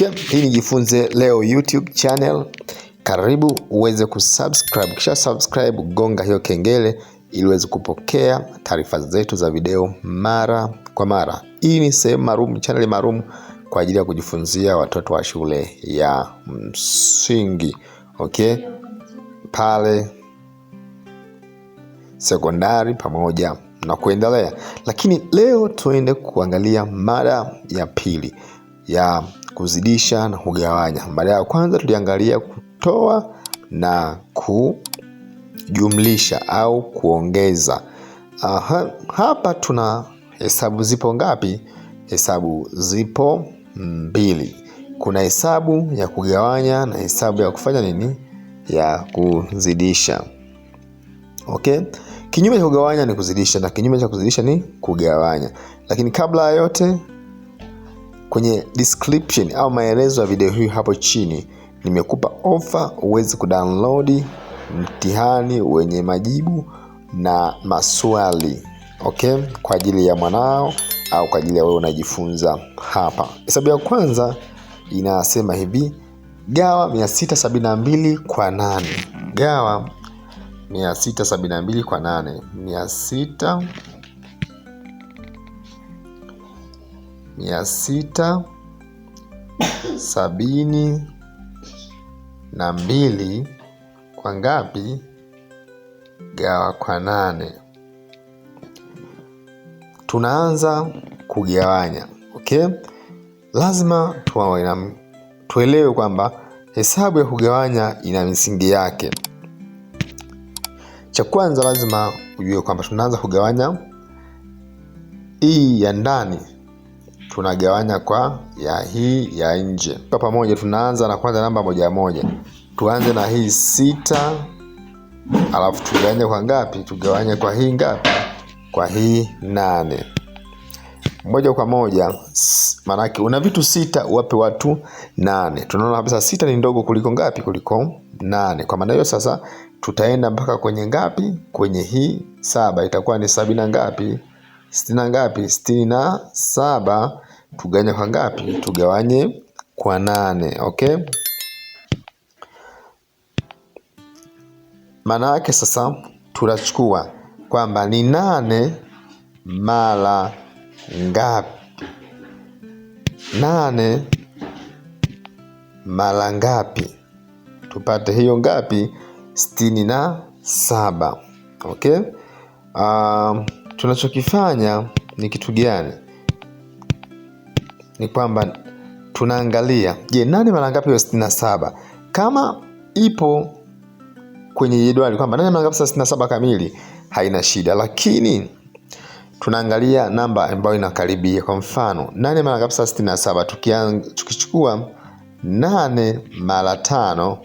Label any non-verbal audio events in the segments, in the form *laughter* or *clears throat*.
Okay, hii ni Jifunze Leo YouTube channel. Karibu uweze kusubscribe, kisha subscribe, gonga hiyo kengele ili uweze kupokea taarifa zetu za video mara kwa mara. Hii ni sehemu maalum, channel maalum kwa ajili ya kujifunzia watoto wa shule ya msingi okay, pale sekondari pamoja na kuendelea. Lakini leo tuende kuangalia mada ya pili ya kuzidisha na kugawanya. Mada ya kwanza tuliangalia kutoa na kujumlisha au kuongeza. Aha, hapa tuna hesabu zipo ngapi? Hesabu zipo mbili. Kuna hesabu ya kugawanya na hesabu ya kufanya nini, ya kuzidisha. Okay, kinyume cha kugawanya ni kuzidisha, na kinyume cha kuzidisha ni kugawanya. Lakini kabla ya yote Kwenye description au maelezo ya video hii hapo chini nimekupa ofa uweze kudownload mtihani wenye majibu na maswali okay, kwa ajili ya mwanao au kwa ajili ya wewe unajifunza hapa. Hesabu ya kwanza inasema hivi: gawa 672 kwa nane. Gawa 672 kwa nane. mia sita sabini na mbili kwa ngapi? Gawa kwa nane. Tunaanza kugawanya okay? Lazima tuelewe kwamba hesabu ya kugawanya ina misingi yake. Cha kwanza lazima ujue kwamba tunaanza kugawanya hii ya ndani tunagawanya kwa ya hii ya nje. Kwa pamoja tunaanza na kwanza namba moja moja, tuanze na hii sita, alafu tugawanye kwa ngapi? Tugawanye kwa hii ngapi? Kwa hii nane moja kwa moja, maanake una vitu sita wape watu nane. Tunaona kabisa sita ni ndogo kuliko ngapi? Kuliko nane. Kwa maana hiyo sasa tutaenda mpaka kwenye ngapi? Kwenye hii saba, itakuwa ni sabini na ngapi? sitini na ngapi? sitini na saba. Tugawanye kwa ngapi? Tugawanye kwa nane. Okay. Maana yake sasa tunachukua kwamba ni nane mara ngapi? Nane mara ngapi? Tupate hiyo ngapi? sitini na saba. Okay. Uh, tunachokifanya ni kitu gani? ni kwamba tunaangalia, je, nane mara ngapi ya sitini na saba kama ipo kwenye jedwali kwamba nani mara ngapi sitini na saba kamili, haina shida, lakini tunaangalia namba ambayo inakaribia. Kwa mfano nane mara ngapi sitini na saba tukichukua nane mara tano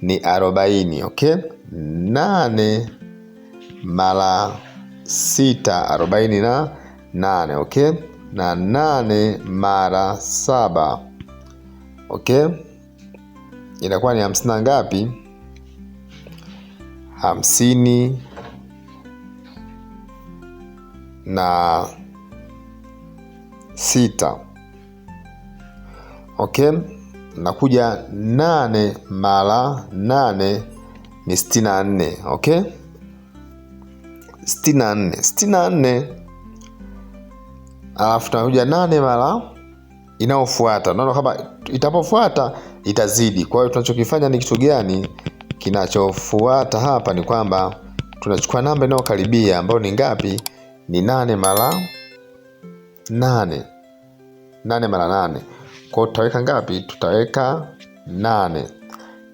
ni arobaini. Okay, nane mara sita arobaini na nane. Okay na nane mara saba okay, inakuwa ni hamsini na ngapi? hamsini na sita okay, nakuja nane mara nane ni sitini na nne okay, sitini na nne sitini na nne alafu tunakuja nane mara inayofuata. Unaona kama itapofuata itazidi. Kwa hiyo tunachokifanya ni kitu gani? Kinachofuata hapa ni kwamba tunachukua namba inayokaribia ambayo ni ngapi? Ni nane mara nane, nane mara nane. Kwa hiyo tutaweka ngapi? Tutaweka nane.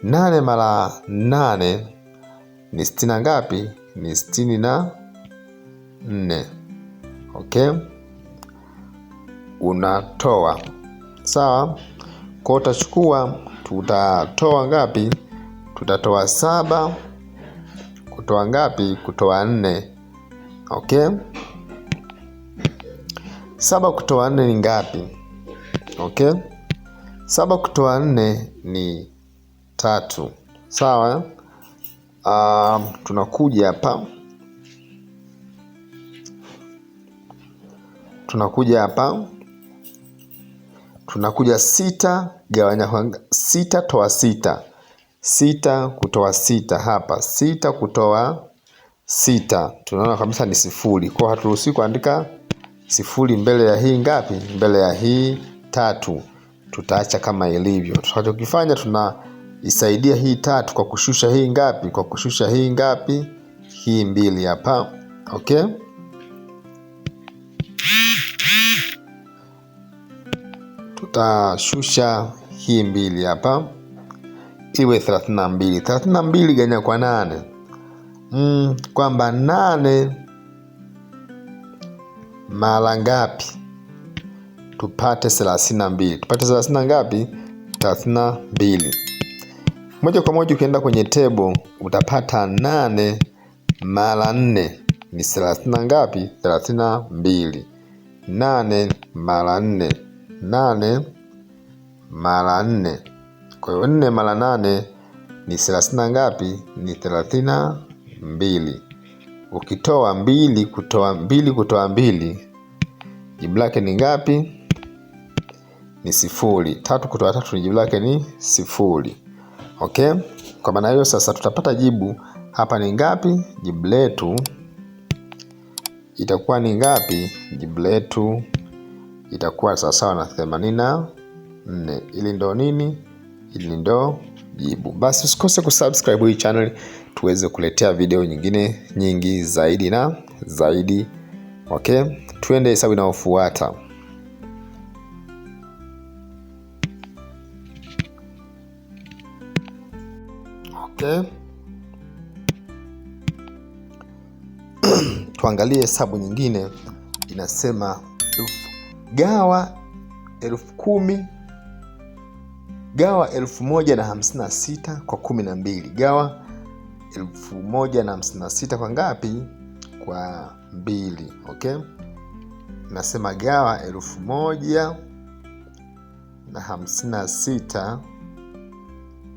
Nane mara nane ni sitini na ngapi? Ni sitini na nne. Okay unatoa sawa. Kwa utachukua, tutatoa ngapi? Tutatoa saba kutoa ngapi? Kutoa nne. Okay, saba kutoa nne ni ngapi? Okay, saba kutoa nne ni tatu, sawa. Uh, tunakuja hapa tunakuja hapa tunakuja sita gawanya sita, toa sita, sita kutoa sita hapa, sita kutoa sita, tunaona kabisa ni sifuri. Kwa hiyo haturuhusi kuandika sifuri mbele ya hii ngapi? Mbele ya hii tatu. Tutaacha kama ilivyo. Tutakachokifanya, tunaisaidia hii tatu kwa kushusha hii ngapi? Kwa kushusha hii ngapi? Hii mbili hapa, okay. tutashusha hii mbili hapa iwe 32. 32 mbili ganya kwa nane mm, kwamba nane mara ngapi tupate 32? tupate thelathini ngapi? 32. mbili. Moja kwa moja ukienda kwenye tebo utapata nane mara nne ni 30 ngapi? 32. mbili. Nane mara nne nane mara nne. Kwa hiyo nne mara nane ni thelathini na ngapi? Ni thelathini na mbili. Ukitoa mbili kutoa mbili kutoa mbili, jibu lake ni ngapi? Ni sifuri. Tatu kutoa tatu, jibu lake ni sifuri. Okay, kwa maana hiyo sasa tutapata jibu hapa ni ngapi? Jibu letu itakuwa ni ngapi? Jibu letu itakuwa sawasawa na themanini na nne. Ili ndo nini? Ili ndo jibu. Basi usikose kusubscribe hii channel tuweze kuletea video nyingine nyingi zaidi na zaidi. Okay, tuende hesabu inayofuata. Okay. *clears throat* Tuangalie hesabu nyingine inasema elfu gawa elfu kumi gawa elfu moja na hamsini na sita kwa kumi na mbili gawa elfu moja na hamsini na sita kwa ngapi? Kwa mbili. ok nasema gawa elfu moja na hamsini na sita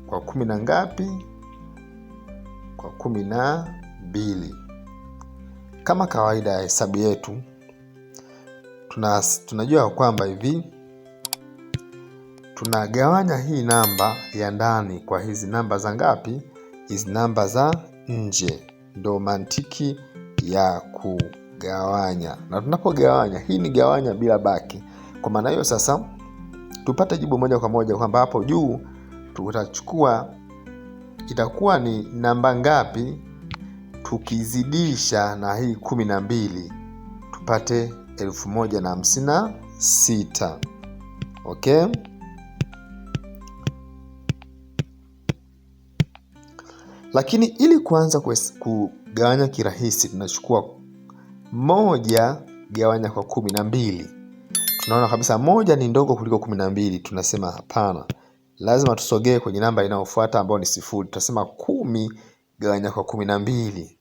kwa kumi na ngapi? Kwa kumi na mbili. Kama kawaida ya hesabu yetu tuna, tunajua kwamba hivi tunagawanya hii namba ya ndani kwa hizi namba za ngapi? Hizi namba za nje, ndo mantiki ya kugawanya. Na tunapogawanya, hii ni gawanya bila baki. Kwa maana hiyo sasa tupate jibu moja kwa moja kwamba hapo juu tutachukua itakuwa ni namba ngapi tukizidisha na hii kumi na mbili tupate elfu moja na hamsini na sita. Okay, lakini ili kuanza kugawanya kirahisi tunachukua moja gawanya kwa kumi na mbili. Tunaona kabisa moja ni ndogo kuliko kumi na mbili, tunasema hapana, lazima tusogee kwenye namba inayofuata ambayo ni sifuri. Tutasema kumi gawanya kwa kumi na mbili.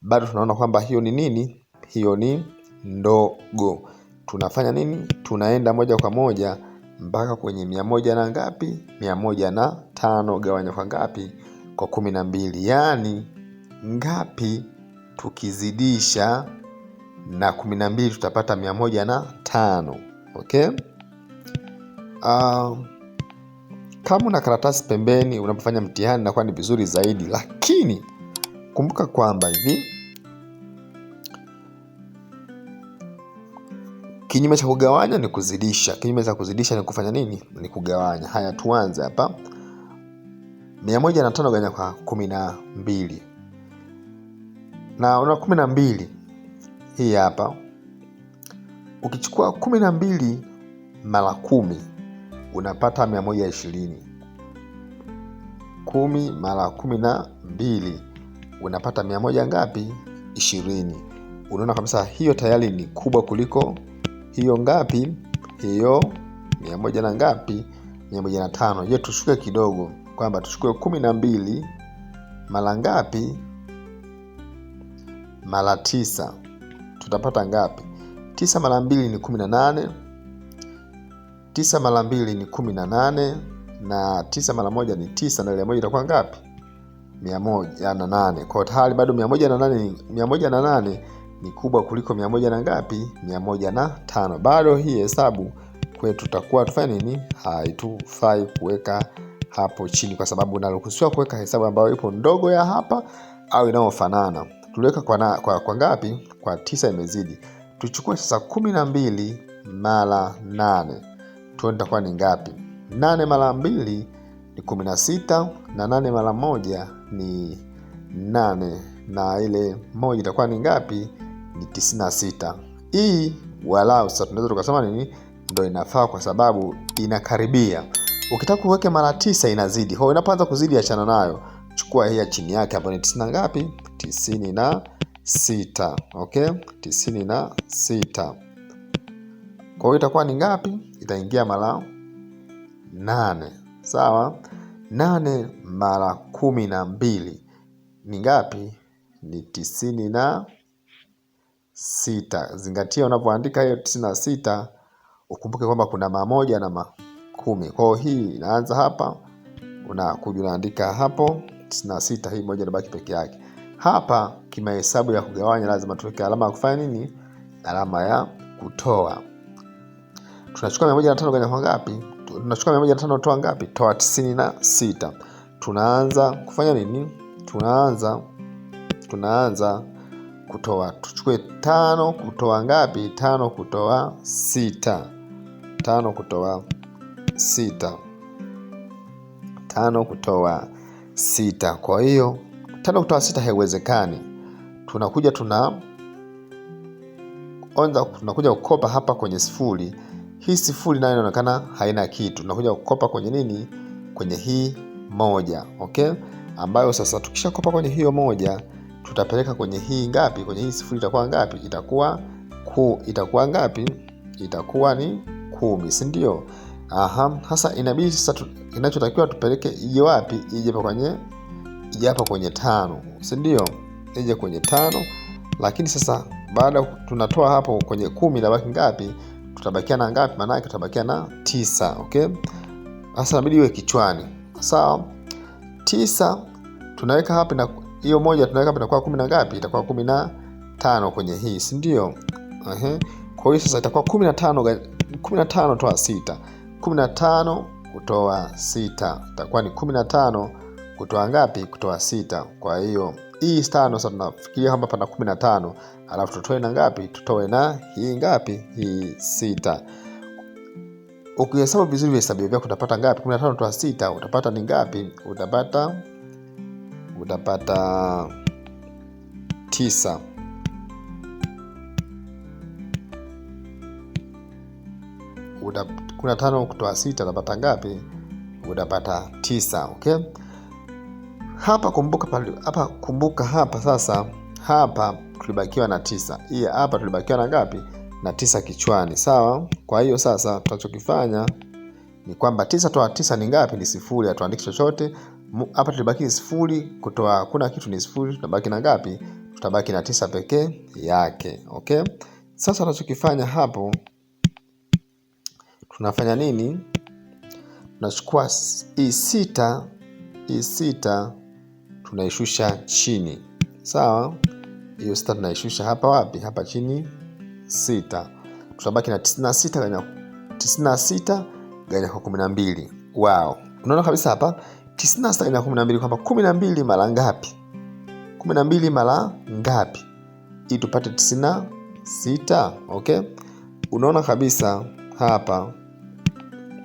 Bado tunaona kwamba hiyo ni nini? Hiyo ni ndogo. Tunafanya nini? Tunaenda moja kwa moja mpaka kwenye mia moja na ngapi? Mia moja na tano gawanya kwa ngapi? Kwa kumi na mbili. Yaani ngapi tukizidisha na kumi na mbili tutapata mia moja na tano. Okay? Uh, kama una karatasi pembeni unapofanya mtihani inakuwa ni vizuri zaidi, lakini kumbuka kwamba hivi Kinyume cha kugawanya ni kuzidisha. Kinyume cha kuzidisha ni kufanya nini? Ni kugawanya. Haya, tuanze hapa. mia moja na tano gawanya kwa kumi na mbili na una kumi na mbili hii hapa. Ukichukua kumi na mbili mara kumi unapata mia moja ishirini. Kumi mara kumi na mbili unapata mia moja ngapi? Ishirini. Unaona kabisa hiyo tayari ni kubwa kuliko hiyo ngapi? Hiyo mia moja na ngapi? mia moja na tano. Je, tushuke kidogo, kwamba tuchukue kumi na mbili mara ngapi? Mara tisa, tutapata ngapi? Tisa mara mbili ni kumi na nane. Tisa mara mbili ni kumi na nane na tisa mara moja ni tisa na ile moja itakuwa ngapi? mia moja na nane. Kwa hiyo tayari bado mia moja na nane, mia moja na nane ni kubwa kuliko mia moja na ngapi? Mia moja na tano. Bado hii hesabu kwetu tutakuwa tufanye nini? Haitufai kuweka hapo chini, kwa sababu unaruhusiwa kuweka hesabu ambayo ipo ndogo ya hapa au inayofanana. Tuliweka kwa, kwa, kwa ngapi? Kwa tisa, imezidi. Tuchukue sasa kumi na mbili mara nane, tuone itakuwa ni ngapi? Nane mara mbili ni kumi na sita na nane mara moja ni nane na ile moja itakuwa ni ngapi? ni 96. Hii walau sasa tunaweza tukasema nini ndio inafaa kwa sababu inakaribia. Ukitaka uweke mara tisa inazidi. Kwa inapoanza kuzidi achana nayo. Chukua hii ya chini yake ambayo ni 90 na ngapi? tisini na sita. Okay? 90 na sita. Kwa hiyo itakuwa ni ngapi? Itaingia mara nane. Sawa? Nane mara kumi na mbili ni ngapi? Ni tisini na sita. Zingatia unapoandika hiyo tisini na sita ukumbuke kwamba kuna mamoja na makumi. Kwa hiyo hii inaanza hapa, unakuja unaandika hapo tisini na sita, hii moja inabaki peke yake. Hapa kimahesabu ya kugawanya lazima tuweke alama ya kufanya nini? Alama ya kutoa. Tunachukua mia moja na tano gawanya ngapi? Tunachukua mia moja na tano toa ngapi? Toa tisini na sita. Tunaanza kufanya nini? Tunaanza tunaanza kutoa. Tuchukue tano kutoa ngapi? Tano kutoa sita. Tano kutoa sita. Tano kutoa sita. Kwa hiyo tano kutoa sita haiwezekani. Tunakuja tuna onza, tunakuja kukopa hapa kwenye sifuri. Hii sifuri nayo inaonekana haina kitu, tunakuja kukopa kwenye nini? Kwenye hii moja, okay, ambayo sasa tukishakopa kwenye hiyo moja tutapeleka kwenye hii ngapi? Kwenye hii sifuri itakuwa ngapi? Itakuwa ku, itakuwa ngapi? Itakuwa ni kumi, si ndio? Aha, sasa inabidi sasa inachotakiwa tupeleke ije wapi? Ije kwenye ije hapa kwenye tano, si ndio? Ije kwenye tano, lakini sasa baada tunatoa hapo kwenye kumi, inabaki ngapi? Tutabakia na ngapi? Maana yake tutabakia na tisa. Okay, sasa inabidi iwe kichwani, sawa? Tisa tunaweka hapa na hiyo moja tunaweka hapa itakuwa kumi na ngapi itakuwa kumi na tano kwenye hii si ndio? Ehe, kwa hiyo sasa itakuwa kumi na tano kumi na tano toa sita kumi na tano kutoa sita itakuwa ni kumi na tano kutoa ngapi kutoa sita kwa hiyo hii tano sasa tunafikiria kama pana kumi na tano alafu tutoe na ngapi tutoe na hii ngapi hii sita ukihesabu vizuri vihesabio vyako utapata ngapi kumi na tano toa sita utapata ni ngapi utapata utapata tisa. Kuna tano kutoa sita utapata ngapi? Utapata tisa. Okay, hapa kumbuka, hapa kumbuka, hapa sasa, hapa tulibakiwa na tisa. Hii hapa tulibakiwa na ngapi? Na tisa kichwani, sawa. Kwa hiyo sasa tunachokifanya ni kwamba tisa toa tisa ni ngapi? Ni sifuri, hatuandiki chochote hapa tulibaki sifuri kutoa kuna kitu ni sifuri, tutabaki na ngapi? Tutabaki na tisa pekee yake. Okay, sasa tunachokifanya hapo tunafanya nini? Tunachukua hii sita, hii sita tunaishusha chini, sawa. Hiyo sita tunaishusha hapa wapi? Hapa chini sita, tutabaki na tisini na sita ganya tisini na sita ganya kwa kumi na mbili. Wow, unaona kabisa hapa 96 na 12 kwamba mbili mara ngapi? mbili mara ngapi? Ili tupate sita okay? Unaona kabisa hapa.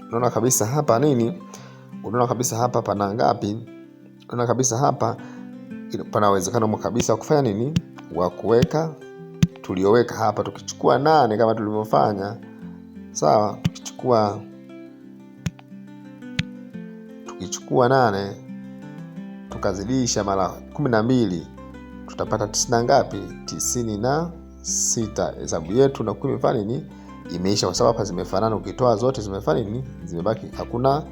Unaona kabisa hapa nini? Unaona kabisa hapa pana ngapi? Unaona kabisa hapa pana uwezekano kabisa wa kufanya nini? Wa kuweka tulioweka hapa tukichukua nane kama tulivyofanya. Sawa, tukichukua tukichukua nane tukazidisha mara kumi na mbili tutapata tisini na ngapi? tisini na sita. Hesabu yetu na kumi fani ni imeisha, kwa sababu hapa zimefanana, ukitoa zote zimefanana, ni zimebaki hakuna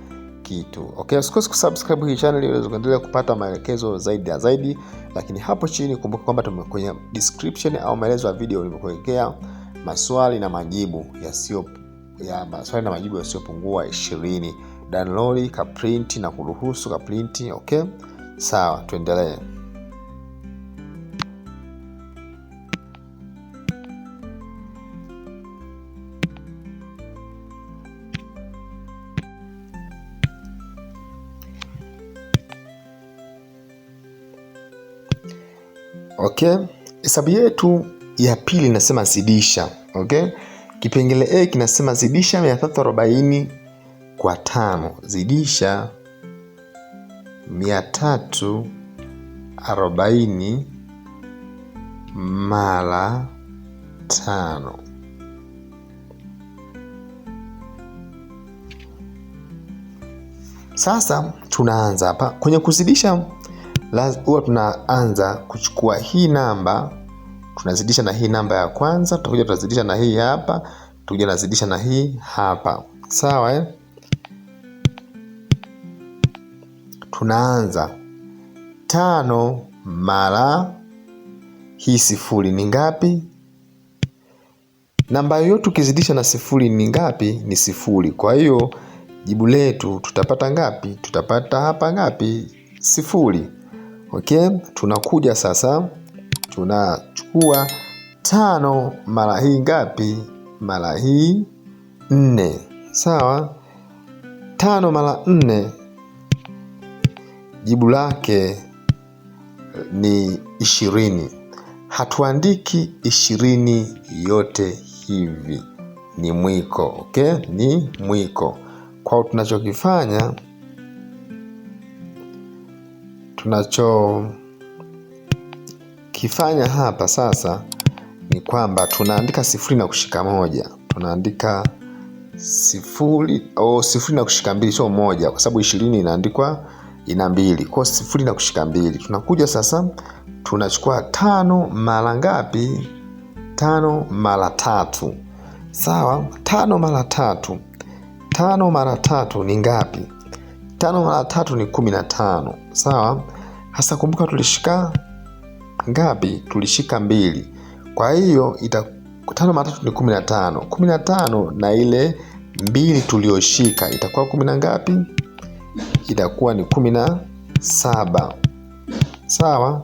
kitu. Okay, usikose kusubscribe hii channel ili uendelee kupata maelekezo zaidi ya zaidi, lakini hapo chini kumbuka kwamba kwenye description au maelezo ya video nimekuwekea maswali na majibu yasiyo ya maswali na majibu yasiyopungua ishirini ka kaprinti na kuruhusu kaprinti. Okay, sawa, tuendelee. Okay, hesabu yetu ya pili inasema zidisha. Okay, kipengele A kinasema zidisha mia tatu arobaini kwa tano zidisha mia tatu arobaini mara tano. Sasa tunaanza hapa kwenye kuzidisha, huwa tunaanza kuchukua hii namba tunazidisha na hii namba ya kwanza, tutakuja tunazidisha na hii hapa, tutakuja tunazidisha na hii hapa, sawa eh? tunaanza tano mara hii sifuri ni ngapi? Namba hiyo tukizidisha na sifuri ni ngapi? Ni sifuri. Kwa hiyo jibu letu tutapata ngapi? Tutapata hapa ngapi? Sifuri. Okay, tunakuja sasa, tunachukua tano mara hii ngapi? Mara hii nne. Sawa, tano mara nne Jibu lake eh, ni ishirini. Hatuandiki ishirini yote hivi, ni mwiko. Okay, ni mwiko. Kwa tunachokifanya tunachokifanya hapa sasa ni kwamba tunaandika sifuri na kushika moja, tunaandika sifuri au oh, sifuri na kushika mbili, sio moja, kwa sababu ishirini inaandikwa ina mbili, kwa sifuri na kushika mbili. Tunakuja sasa, tunachukua tano mara ngapi? Tano mara tatu, sawa. Tano mara tatu, tano mara tatu ni ngapi? Tano mara tatu ni kumi na tano, sawa. Hasa kumbuka, tulishika ngapi? Tulishika mbili, kwa hiyo ita tano mara tatu ni kumi na tano. Kumi na tano na ile mbili tuliyoshika itakuwa kumi na ngapi? itakuwa ni kumi na saba sawa,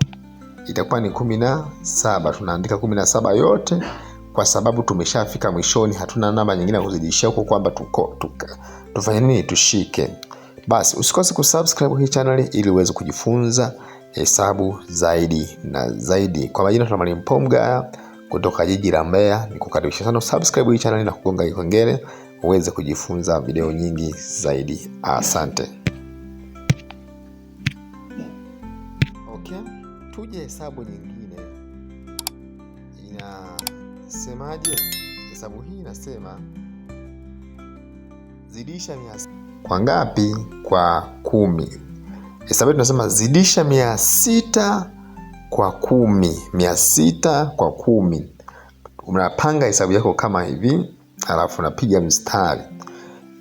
itakuwa ni kumi na saba. Tunaandika kumi na saba yote kwa sababu tumeshafika mwishoni, hatuna namba nyingine ya kuzidishia huko kwamba tuko tuka tufanye nini, tushike. Basi usikose kusubscribe hii channel ili uweze kujifunza hesabu zaidi na zaidi. Kwa majina tuna Mwalimu Paul kutoka jiji la Mbeya, nikukaribisha sana usubscribe hii channel na kugonga kengele uweze kujifunza video nyingi zaidi. Asante. Tuje hesabu nyingine inasemaje? Hesabu hii inasema zidisha mia kwa ngapi? Kwa kumi. Hesabu tunasema zidisha mia sita kwa kumi, mia sita kwa kumi. Unapanga hesabu yako kama hivi, alafu unapiga mstari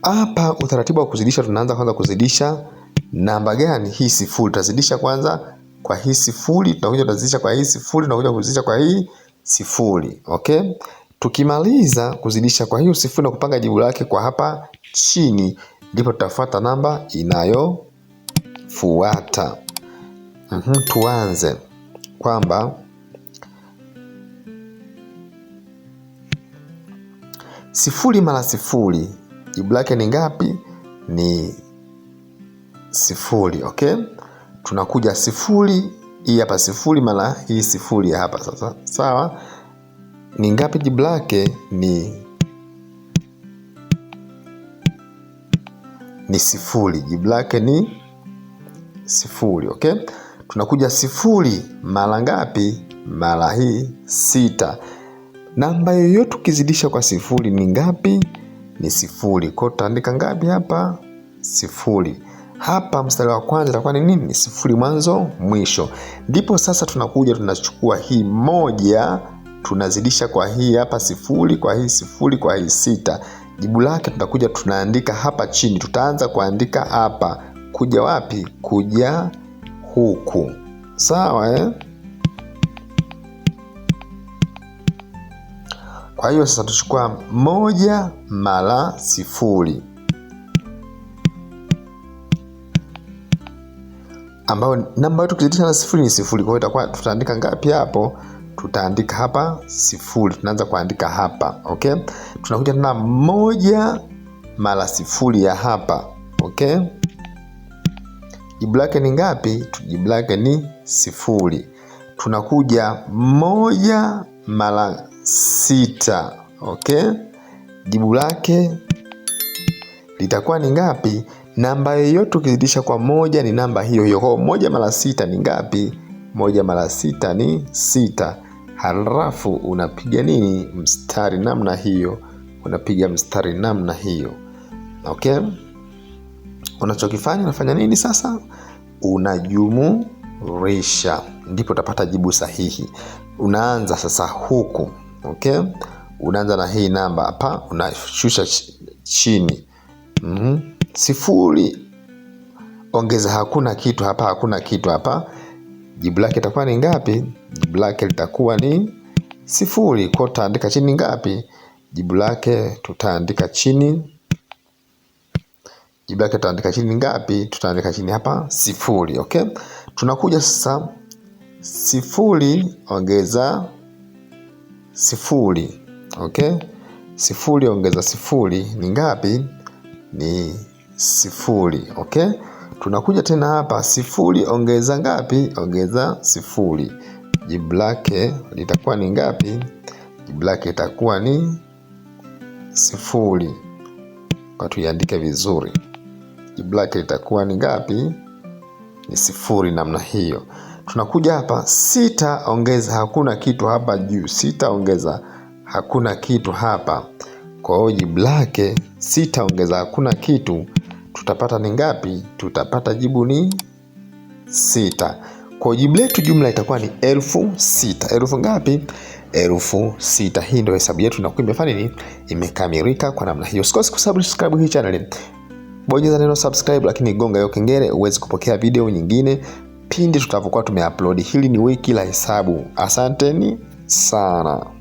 hapa. Utaratibu wa kuzidisha, tunaanza kwanza kuzidisha namba gani? Hii sifuri tutazidisha kwanza kwa hii sifuri, tunakuja kuzidisha kwa hii sifuri, tunakuja kuzidisha kwa hii sifuri. Okay, tukimaliza kuzidisha kwa hiyo sifuri na kupanga jibu lake kwa hapa chini, ndipo tutafuata namba inayofuata. mm -hmm, tuanze kwamba sifuri mara sifuri jibu lake ni ngapi? Ni sifuri. Okay tunakuja sifuri hii hapa sifuri mara hii sifuri hapa sasa sawa ni ngapi jibu lake ni ni sifuri jibu lake ni sifuri okay tunakuja sifuri mara ngapi mara hii sita namba yoyote ukizidisha kwa sifuri ni ngapi ni sifuri kwao tutaandika ngapi hapa sifuri hapa mstari wa kwanza itakuwa ni nini? Ni sifuri mwanzo mwisho. Ndipo sasa tunakuja tunachukua hii moja tunazidisha kwa hii hapa sifuri kwa hii sifuri kwa hii sita. Jibu lake tutakuja tunaandika hapa chini, tutaanza kuandika hapa, kuja wapi? Kuja huku, sawa eh? Kwa hiyo sasa tuchukua moja mara sifuri ambayo namba yetu kuzidisha na sifuri ni sifuri. Kwa hiyo itakuwa tutaandika ngapi hapo? Tutaandika hapa sifuri, tunaanza kuandika hapa okay. Tunakuja tena moja mara sifuri ya hapa okay. Jibu lake ni ngapi? Jibu lake ni sifuri. Tunakuja moja mara sita okay. Jibu lake litakuwa ni ngapi? namba yoyote ukizidisha kwa moja ni namba hiyo hiyo. Kwa moja mara sita ni ngapi? Moja mara sita ni sita. Halafu unapiga nini? Mstari namna hiyo, unapiga mstari namna hiyo. Okay, unachokifanya unafanya nini sasa? unajumurisha ndipo utapata jibu sahihi. Unaanza sasa huku, okay, unaanza na hii namba hapa, unashusha chini mm -hmm sifuri, ongeza hakuna kitu hapa, hakuna kitu hapa, jibu lake litakuwa ni ngapi? Jibu lake litakuwa ni sifuri. Kwa tutaandika chini ngapi? Jibu lake tutaandika chini jibu lake tutaandika chini ngapi? Tutaandika chini hapa sifuri. Okay, tunakuja sasa, sifuri ongeza sifuri. Okay, sifuri ongeza sifuri ni ngapi? Ni sifuri okay? Tunakuja tena hapa, sifuri ongeza ngapi? Ongeza sifuri, jibu lake litakuwa ni ngapi? Jibu lake itakuwa ni sifuri, kwa tuiandike vizuri. Jibu lake litakuwa ni ngapi? Ni sifuri, namna hiyo. Tunakuja hapa sita ongeza hakuna kitu hapa juu, sita ongeza hakuna kitu hapa. Kwa hiyo jibu lake sita ongeza hakuna kitu tutapata ni ngapi? Tutapata jibu ni sita. Kwa jibu letu jumla itakuwa ni elfu sita. Elfu ngapi? Elfu sita. Hii ndio hesabu yetu na imefanya nini? Imekamilika kwa namna hiyo. Usikose kusubscribe hii channel, bonyeza neno subscribe, lakini gonga hiyo kengele uweze kupokea video nyingine pindi tutakapokuwa tumeupload. Hili ni wiki la hesabu. Asanteni sana.